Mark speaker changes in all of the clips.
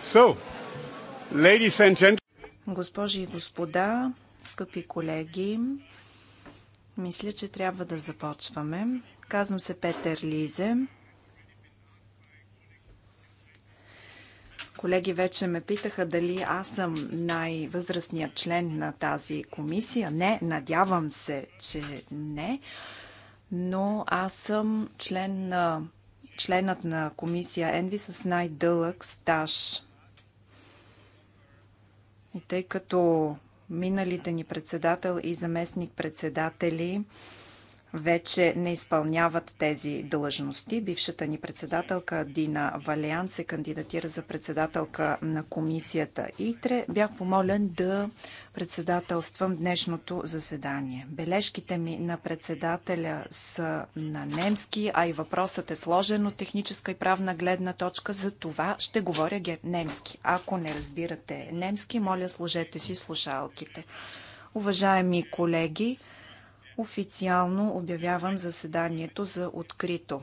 Speaker 1: So, ladies and gentlemen.
Speaker 2: Госпожи и господа, скъпи колеги, мисля, че трябва да започваме. Казвам се Петър Лизе. Колеги вече ме питаха дали аз съм най-възрастният член на тази комисия. Не, надявам се, че не. Но аз съм член на членът на комисия Енви с най-дълъг стаж и тъй като миналите ни председател и заместник председатели вече не изпълняват тези длъжности. Бившата ни председателка Дина Валиан се кандидатира за председателка на комисията ИТРЕ. Бях помолен да председателствам днешното заседание. Бележките ми на председателя са на немски, а и въпросът е сложен от техническа и правна гледна точка. За това ще говоря немски. Ако не разбирате немски, моля сложете си слушалките. Уважаеми колеги, официално обявявам заседанието за открито.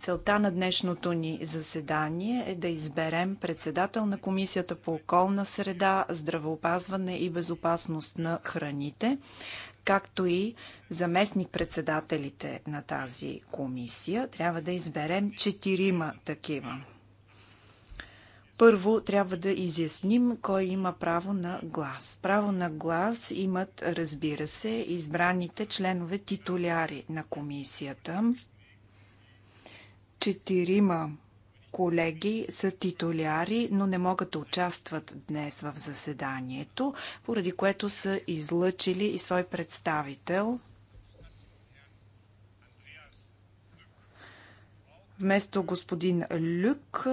Speaker 2: Целта на днешното ни заседание е да изберем председател на Комисията по околна среда, здравеопазване и безопасност на храните, както и заместник-председателите на тази комисия. Трябва да изберем четирима такива. Първо трябва да изясним кой има право на глас. Право на глас имат, разбира се, избраните членове титуляри на комисията. Четирима колеги са титуляри, но не могат да участват днес в заседанието, поради което са излъчили и свой представител – Вместо господин Люк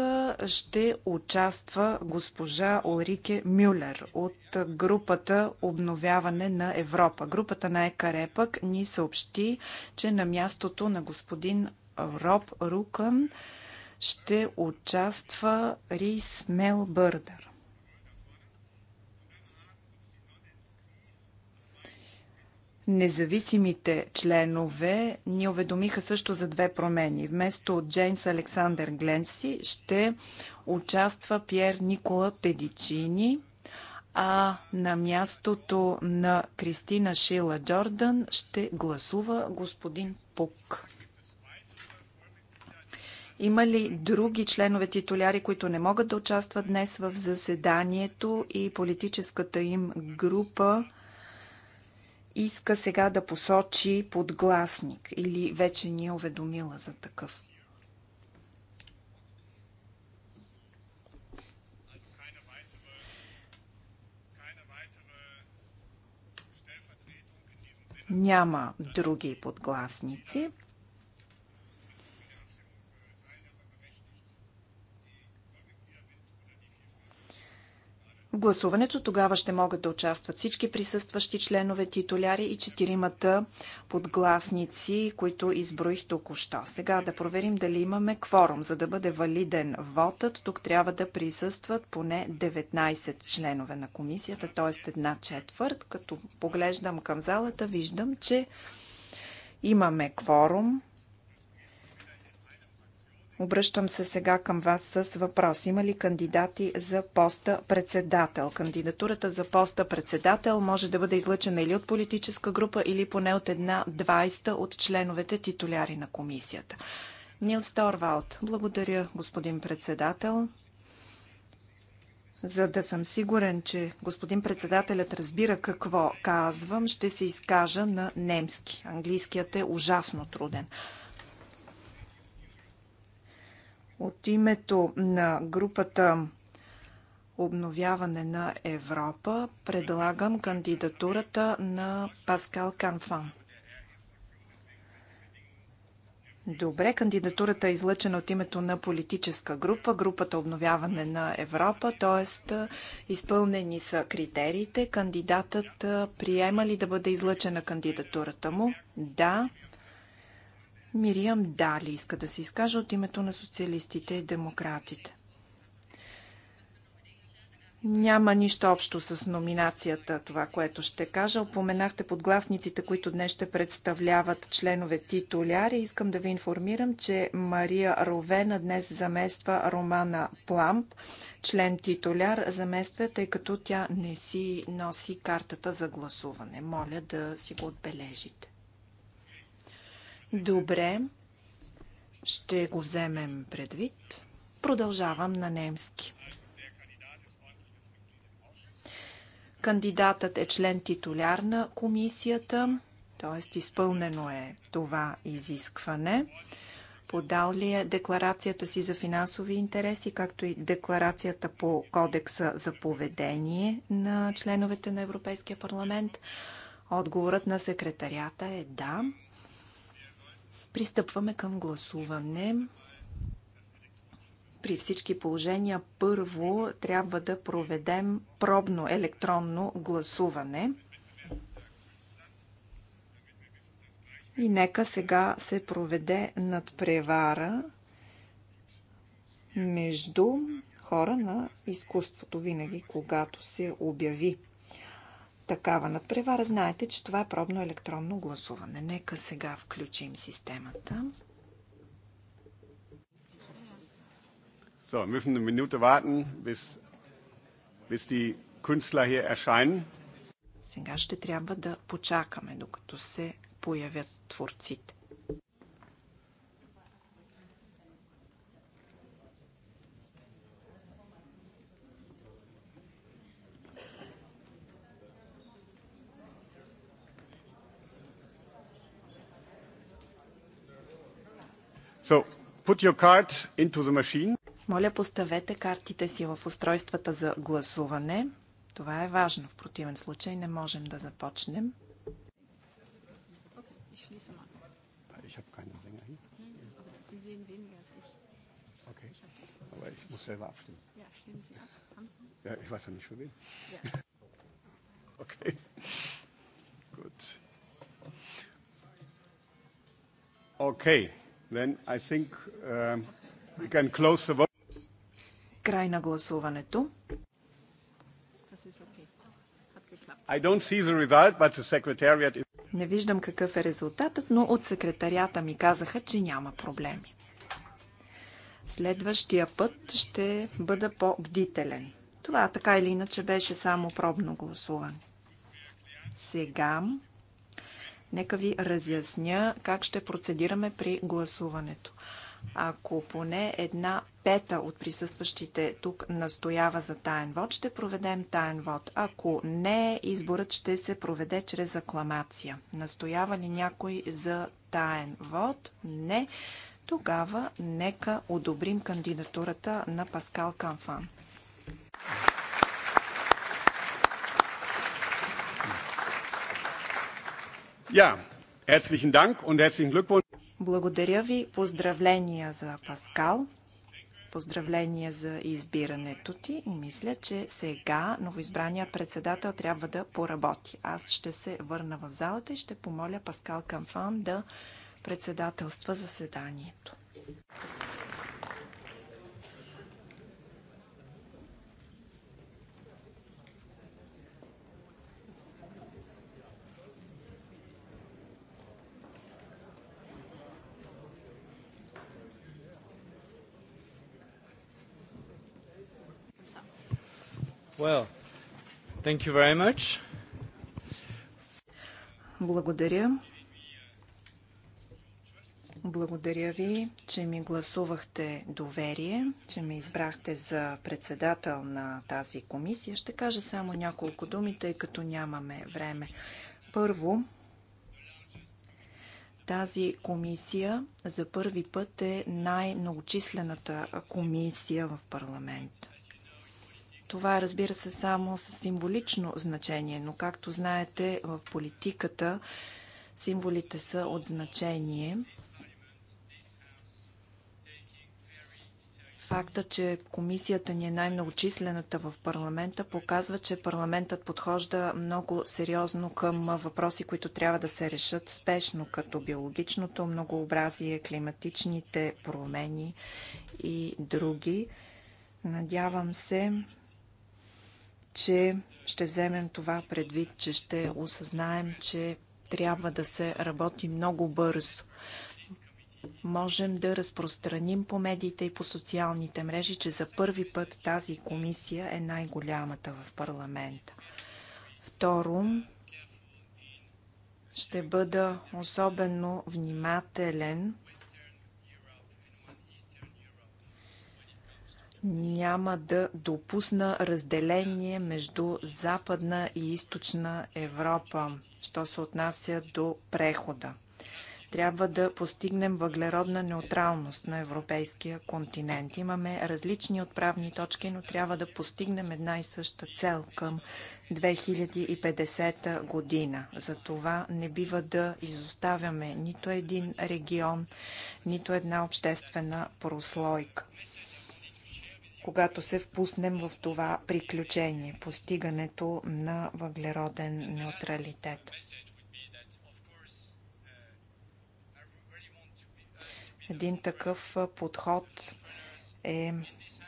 Speaker 2: ще участва госпожа Олрике Мюлер от групата Обновяване на Европа. Групата на ЕКАРЕ пък ни съобщи, че на мястото на господин Роб Рукън ще участва Рис Мелбърдър. Независимите членове ни уведомиха също за две промени. Вместо Джеймс Александър Гленси ще участва Пьер Никола Педичини, а на мястото на Кристина Шила Джордан ще гласува господин Пук. Има ли други членове титуляри, които не могат да участват днес в заседанието и политическата им група иска сега да посочи подгласник или вече ни е уведомила за такъв. Няма други подгласници. гласуването тогава ще могат да участват всички присъстващи членове, титуляри и четиримата подгласници, които изброих току-що. Сега да проверим дали имаме кворум. За да бъде валиден вотът, тук трябва да присъстват поне 19 членове на комисията, т.е. една четвърт. Като поглеждам към залата, виждам, че имаме кворум. Обръщам се сега към вас с въпрос. Има ли кандидати за поста председател? Кандидатурата за поста председател може да бъде излъчена или от политическа група, или поне от една 20 от членовете титуляри на комисията. Нил Сторвалд. Благодаря, господин председател. За да съм сигурен, че господин председателят разбира какво казвам, ще се изкажа на немски. Английският е ужасно труден. От името на групата Обновяване на Европа предлагам кандидатурата на Паскал Канфан. Добре, кандидатурата е излъчена от името на политическа група, групата Обновяване на Европа, т.е. изпълнени са критериите. Кандидатът приема ли да бъде излъчена кандидатурата му? Да. Мириам Дали иска да се изкаже от името на социалистите и демократите. Няма нищо общо с номинацията, това, което ще кажа. Опоменахте подгласниците, които днес ще представляват членове титуляри. Искам да ви информирам, че Мария Ровена днес замества Романа Пламп, член титуляр, замества, тъй като тя не си носи картата за гласуване. Моля да си го отбележите. Добре, ще го вземем предвид. Продължавам на немски. Кандидатът е член титуляр на комисията, т.е. изпълнено е това изискване. Подал ли е декларацията си за финансови интереси, както и декларацията по кодекса за поведение на членовете на Европейския парламент? Отговорът на секретарията е да. Пристъпваме към гласуване. При всички положения първо трябва да проведем пробно електронно гласуване. И нека сега се проведе надпревара между хора на изкуството винаги, когато се обяви такава надпревара. Знаете, че това е пробно електронно гласуване. Нека сега включим системата.
Speaker 1: So, müssen eine Minute warten, bis, bis die Künstler hier erscheinen.
Speaker 2: Сега ще трябва да почакаме, докато се появят творците.
Speaker 1: So, put your card into the machine.
Speaker 2: Моля, поставете картите си в устройствата за гласуване. Това е важно. В противен случай не можем да започнем.
Speaker 1: Ich habe keine Sänger hier. Aber Sie sehen weniger als ich. Okay, aber ich muss selber abstimmen. Ja, stimmen Sie ab. Ja, ich weiß ja nicht für wen. Ja. Okay, gut. Okay. Then I think uh, we can close the vote. Край на гласуването. I don't see the result, but the secretariat
Speaker 2: is... Не виждам какъв е резултатът, но от секретарията ми казаха, че няма проблеми. Следващия път ще бъда по-бдителен. Това така или иначе беше само пробно гласуване. Сега Нека ви разясня как ще процедираме при гласуването. Ако поне една пета от присъстващите тук настоява за таен вод, ще проведем таен вод. Ако не, изборът ще се проведе чрез акламация. Настоява ли някой за таен вод? Не. Тогава нека одобрим кандидатурата на Паскал Камфан.
Speaker 1: Ja, herzlichen Dank und herzlichen Glückwunsch.
Speaker 2: Благодаря ви. Поздравления за Паскал. Поздравления за избирането ти. Мисля, че сега новоизбраният председател трябва да поработи. Аз ще се върна в залата и ще помоля Паскал Камфан да председателства заседанието. Well, thank you very much. Благодаря. Благодаря ви, че ми гласувахте доверие, че ме избрахте за председател на тази комисия. Ще кажа само няколко думи, тъй като нямаме време. Първо, тази комисия за първи път е най-многочислената комисия в парламент. Това разбира се само с символично значение, но както знаете в политиката символите са от значение. Факта, че комисията ни е най-многочислената в парламента, показва, че парламентът подхожда много сериозно към въпроси, които трябва да се решат спешно, като биологичното многообразие, климатичните промени и други. Надявам се че ще вземем това предвид, че ще осъзнаем, че трябва да се работи много бързо. Можем да разпространим по медиите и по социалните мрежи, че за първи път тази комисия е най-голямата в парламента. Второ, ще бъда особено внимателен няма да допусна разделение между Западна и Източна Европа, що се отнася до прехода. Трябва да постигнем въглеродна неутралност на европейския континент. Имаме различни отправни точки, но трябва да постигнем една и съща цел към 2050 година. За това не бива да изоставяме нито един регион, нито една обществена прослойка когато се впуснем в това приключение постигането на въглероден неутралитет. Един такъв подход е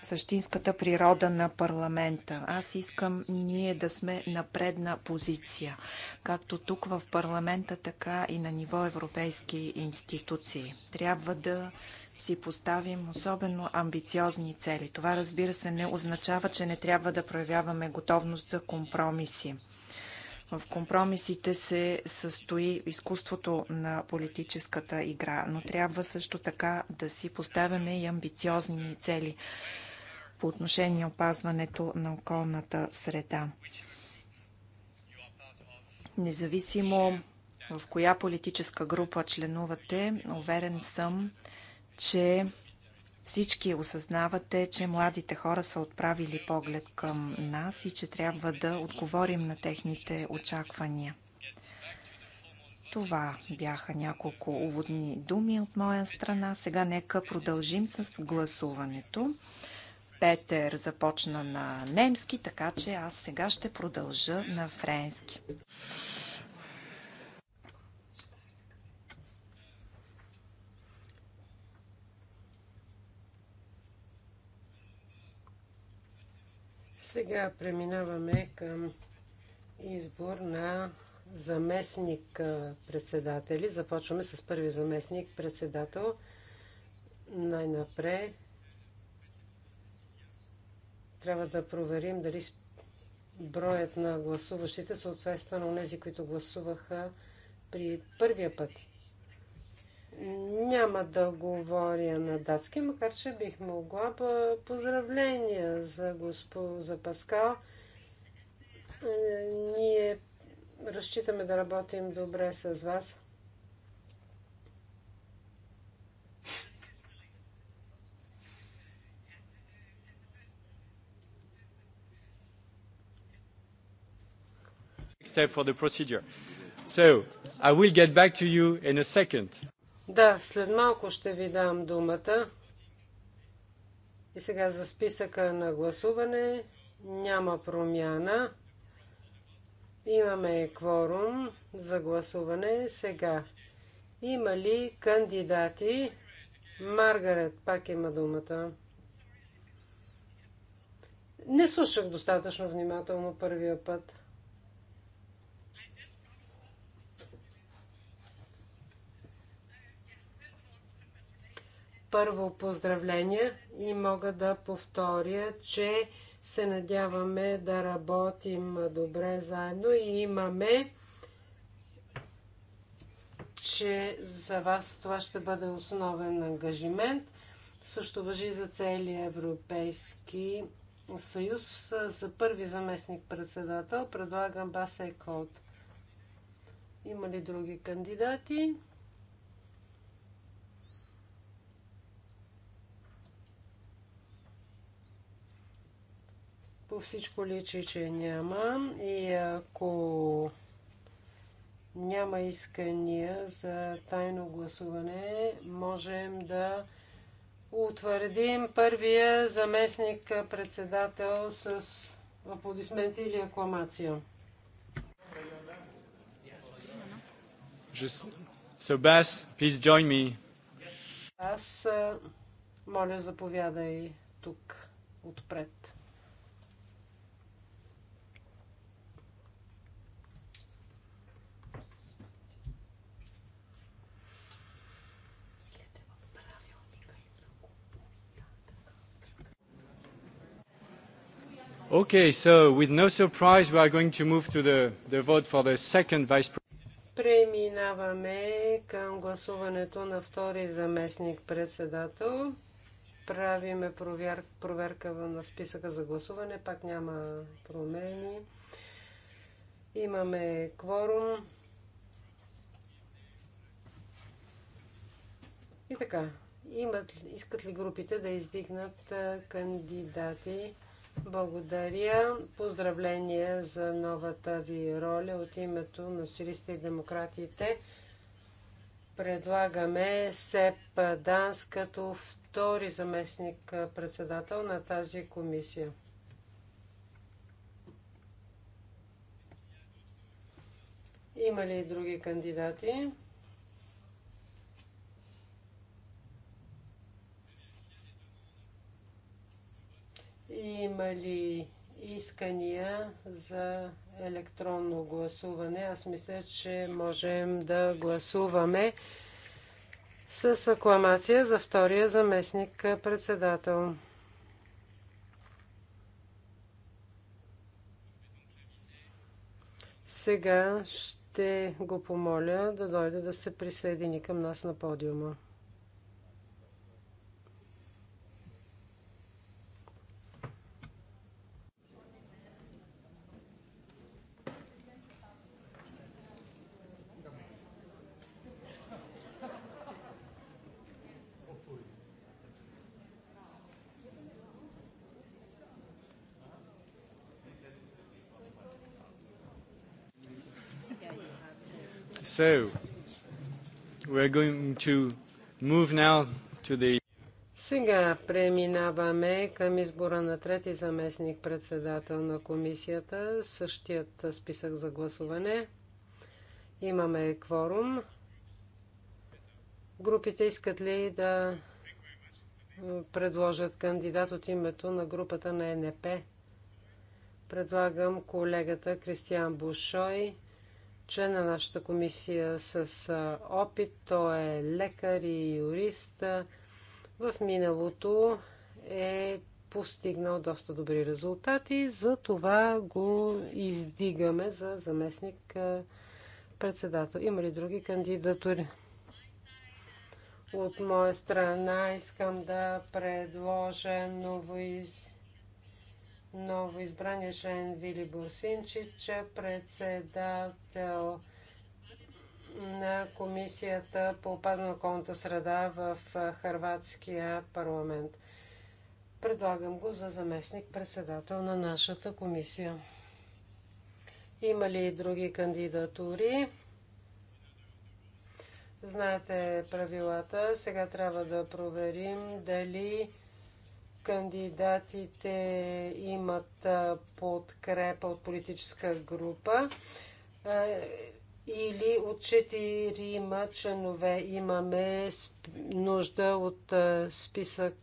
Speaker 2: същинската природа на парламента. Аз искам ние да сме на предна позиция, както тук в парламента, така и на ниво европейски институции. Трябва да си поставим особено амбициозни цели. Това, разбира се, не означава, че не трябва да проявяваме готовност за компромиси. В компромисите се състои изкуството на политическата игра, но трябва също така да си поставяме и амбициозни цели по отношение опазването на околната среда. Независимо в коя политическа група членувате, уверен съм, че всички осъзнавате, че младите хора са отправили поглед към нас и че трябва да отговорим на техните очаквания. Това бяха няколко уводни думи от моя страна. Сега нека продължим с гласуването. Петър започна на немски, така че аз сега ще продължа на френски.
Speaker 3: Сега преминаваме към избор на заместник председатели. Започваме с първи заместник председател. Най-напред трябва да проверим дали броят на гласуващите съответства на тези, които гласуваха при първия път. Няма да говоря на датски, макар че бих могла поздравления за, Господ, за Паскал. Е, ние разчитаме да работим добре с вас.
Speaker 1: step for the procedure. So I will get back to you in a second.
Speaker 3: Да, след малко ще ви дам думата. И сега за списъка на гласуване няма промяна. Имаме кворум за гласуване сега. Има ли кандидати? Маргарет пак има думата. Не слушах достатъчно внимателно първия път. Първо поздравления и мога да повторя, че се надяваме да работим добре заедно и имаме че за вас това ще бъде основен ангажимент. Също въжи за целия Европейски съюз. За първи заместник председател предлагам Басе Код. Има ли други кандидати? По всичко личи, че няма. И ако няма искания за тайно гласуване, можем да утвърдим първия заместник председател с аплодисменти или акламация.
Speaker 1: Себас, please join me.
Speaker 3: Аз моля заповядай тук отпред.
Speaker 1: Okay, so with no surprise, we are going to move to the, the vote for the second vice
Speaker 3: Преминаваме към гласуването на втори заместник председател. Правиме провер... проверка на списъка за гласуване. Пак няма промени. Имаме кворум. И така, имат, искат ли групите да издигнат кандидати? Благодаря. Поздравления за новата ви роля от името на Сирийста и демократите. Предлагаме Сеп Данс като втори заместник председател на тази комисия. Има ли други кандидати? Има ли искания за електронно гласуване? Аз мисля, че можем да гласуваме с акламация за втория заместник председател. Сега ще го помоля да дойде да се присъедини към нас на подиума.
Speaker 1: So, we're going to move now to the...
Speaker 3: Сега преминаваме към избора на трети заместник председател на комисията, същият списък за гласуване. Имаме кворум. Групите искат ли да предложат кандидат от името на групата на НП? Предлагам колегата Кристиан Бушой член на нашата комисия с опит. Той е лекар и юрист. В миналото е постигнал доста добри резултати, за това го издигаме за заместник председател. Има ли други кандидатури? От моя страна искам да предложа новоиз новоизбрания член Вили Борсинчич, председател на Комисията по опазна околната среда в Харватския парламент. Предлагам го за заместник председател на нашата комисия. Има ли други кандидатури? Знаете правилата. Сега трябва да проверим дали Кандидатите имат подкрепа от политическа група или от четирима членове имаме нужда от списък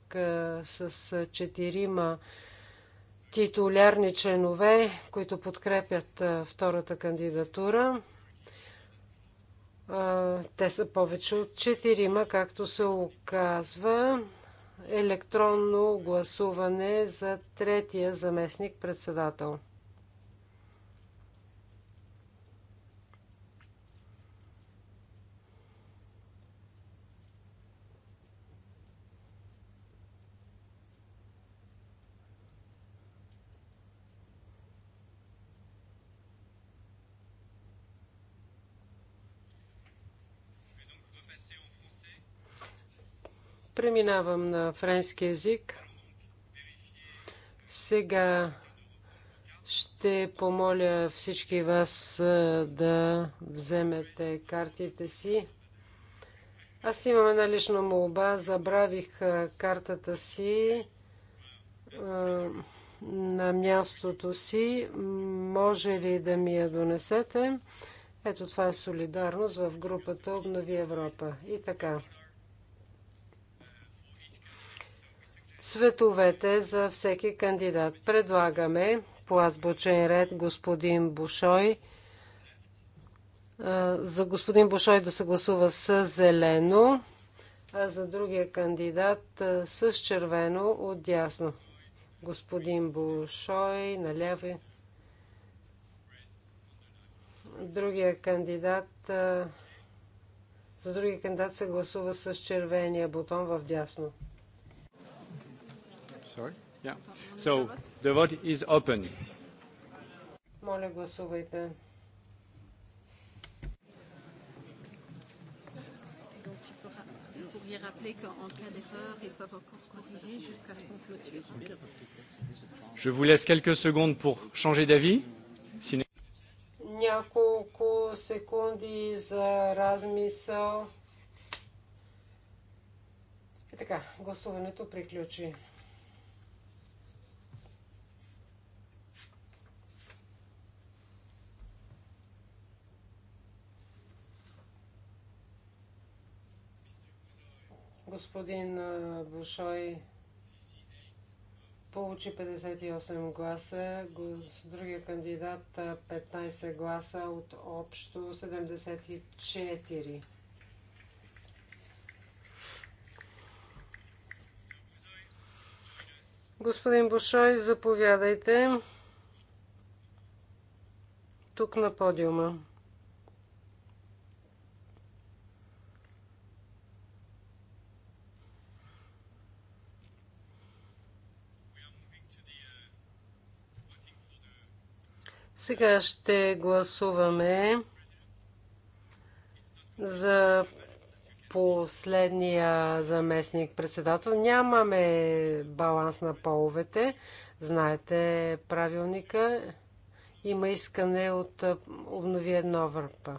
Speaker 3: с четирима титулярни членове, които подкрепят втората кандидатура. Те са повече от четирима, както се оказва електронно гласуване за третия заместник председател. Преминавам на френски язик. Сега ще помоля всички вас да вземете картите си. Аз имам една лична молба. Забравих картата си на мястото си. Може ли да ми я донесете? Ето това е солидарност в групата Обнови Европа. И така. цветовете за всеки кандидат. Предлагаме по азбучен ред господин Бушой. За господин Бушой да се гласува с зелено, а за другия кандидат с червено от дясно. Господин Бушой наляви. Другия кандидат за другия кандидат се гласува с червения бутон в дясно.
Speaker 1: Sorry? Yeah. So the vote is open.
Speaker 3: Моля, гласувайте. Je
Speaker 1: vous laisse quelques secondes pour changer d'avis.
Speaker 3: Няколко секунди за размисъл. така, гласуването приключи. Господин Бушой получи 58 гласа, с другия кандидат 15 гласа от общо 74. Господин Бушой, заповядайте тук на подиума. Сега ще гласуваме за последния заместник председател. Нямаме баланс на половете. Знаете правилника. Има искане от обнови една върпа.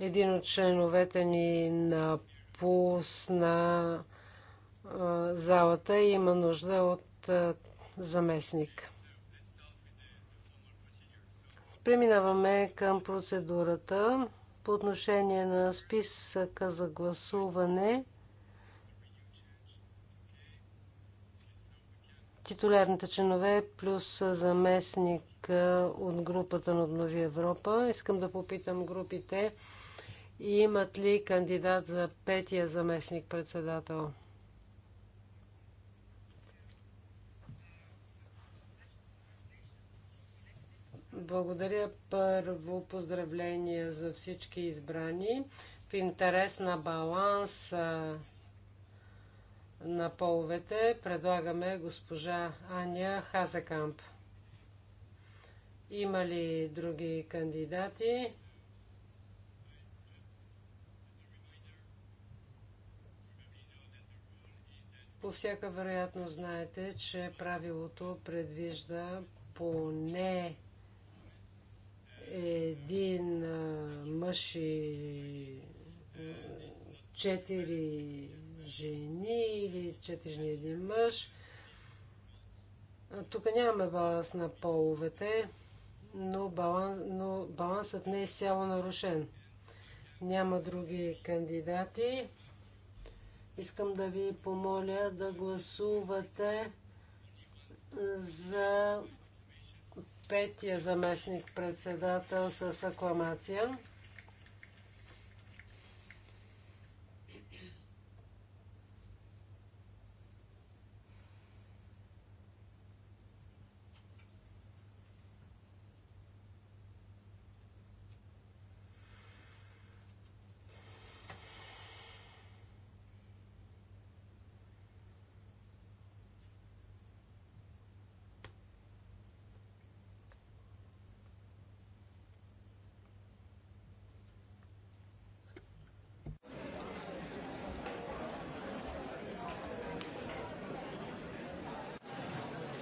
Speaker 3: Един от членовете ни напусна залата и има нужда от заместник. Преминаваме към процедурата по отношение на списъка за гласуване. Титулярните чинове плюс заместник от групата на Обнови Европа. Искам да попитам групите имат ли кандидат за петия заместник председател. Благодаря първо поздравления за всички избрани. В интерес на баланс на половете предлагаме госпожа Аня Хазакамп. Има ли други кандидати? По всяка вероятност знаете, че правилото предвижда поне един мъж и четири жени или четири жени един мъж. Тук нямаме баланс на половете, но, баланс, но балансът не е изцяло нарушен. Няма други кандидати. Искам да ви помоля да гласувате за петия заместник председател с акламация.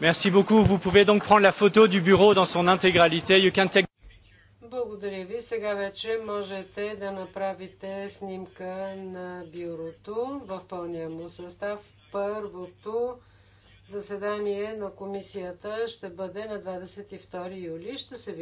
Speaker 1: Merci beaucoup. Vous pouvez donc prendre la photo du bureau dans son intégralité. You can take...
Speaker 3: Благодаря ви. Сега вече можете да направите снимка на бюрото в пълния му състав. Първото заседание на комисията ще бъде на 22 юли. Ще се видим.